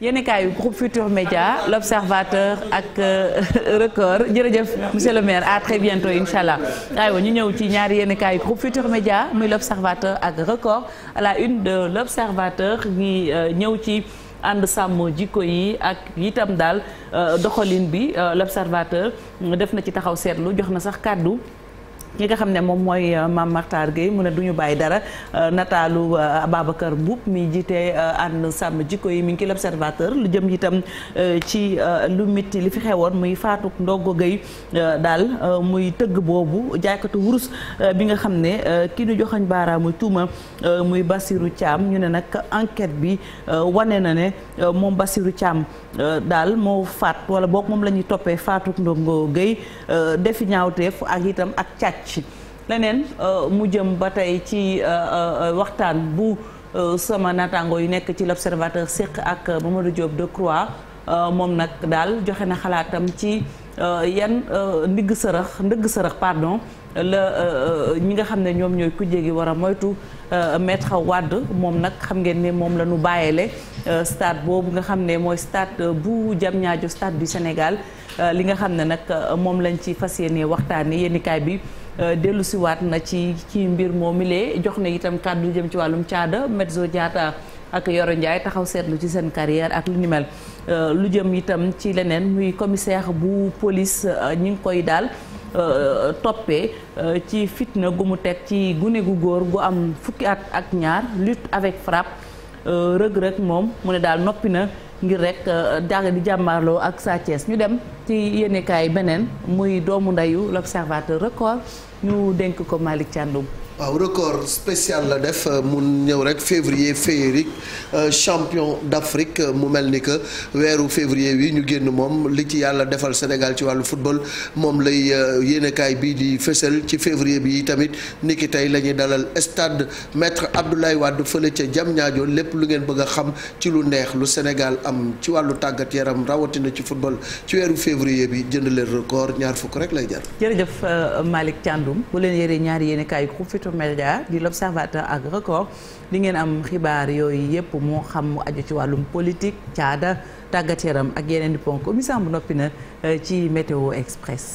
yéenekaayu groupe Futur Média l'Observateur ak euh, Record jërëjëf monsieur le maire à très bientôt incha allah aywa ñu ñëw ci ñaari yéenekaayu groupe Futur Média muy l'Observateur ak Record à la une de l'Observateur ngi euh, ñëw ci ànd sàmm jikko yi ak itam daal euh, doxalin bi l'Observateur def na ci taxaw seetlu jox na sax kàddu ki nga xam ne moom mooy euh, Mame Mactar Gueye mu ne duñu bàyyi dara euh, nataalu euh, Ababacar Mboup mi jiite ànd sàmm jikko yi mi ngi ci l'observateur lu jëm itam ci lu mitti li fi xewoon muy Fatou Ndoggo Gueye daal muy tëgg boobu jaaykatu wurus bi nga xam ne ki ñu joxañ baaraamu tuuma muy Bassirou Thiam ñu ne nag enquête bi wane na ne moom Bassirou Thiam daal moo faat wala boog moom la ñuy toppee Fatou Ndoggo Gueye defi ñaawteef ak itam ak càcc fecc leneen euh, mu jëm ba tey ci euh, euh, waxtaan bu sama naataango yu nekk ci l'observateur séq ak Mamadou Diop Decroix moom nag daal joxe na xalaatam ci yan ndigg sërëx ndëgg sërëx pardon la ñi nga xam ne ñoom ñooy kujje gi war a moytu maître wàdd moom nag xam ngeen ne moom la ñu bàyyele stade boobu nga xam ne mooy stade bu Diamniadio stade bi Sénégal li nga xam ne nag moom lañ ci fas yéene waxtaanee yéenikaay bi Euh, dellu siwaat na ci ci mbir moomilee jox na itam lu jëm ci wàllum caada Medzo jaata ak Yoro Ndiaye taxaw seetlu ci seen carrière ak lu ni mel euh, lu jëm itam ci leneen muy commissaire bu police euh, ñu ngi koy daal toppee ci fitna gu mu teg ci gune gu góor gu am fukki at ak ñaar lutte avec frappe rëg-rëg moom mu ne daal noppi na ngir rek daga di jàmmaarloo ak Sa Thiès ñu dem ci yéenekaay beneen muy doomu ndeyu l'observateur record ñu dénk ko Malick Thiandoum waaw record spécial la def euh, mu ñëw rek février féerique euh, champion d'Afrique euh, mu mel ni que weeru février yi ñu génn moom li ci yàlla defal Sénégal ci wàllu football moom lay yéenekaay bii di fësal ci février bi tamit niki tey la ñuy dalal stade maître Abdoulaye Wade fële ca jam Diamniadio lépp lu ngeen bëgg a xam ci lu neex lu Sénégal am ci wàllu tàggat yaram rawatina ci football ci weeru février bi jënd leen record ñaar fukk rek lay jar. Futurs Médias di l'Observateur ak Record li ngeen am xibaar yooyu yépp moo xam mu aju ci wàllum politique caada tàggat yaram ak yeneen di ponk omissan bu noppi na eh, ci Météo Express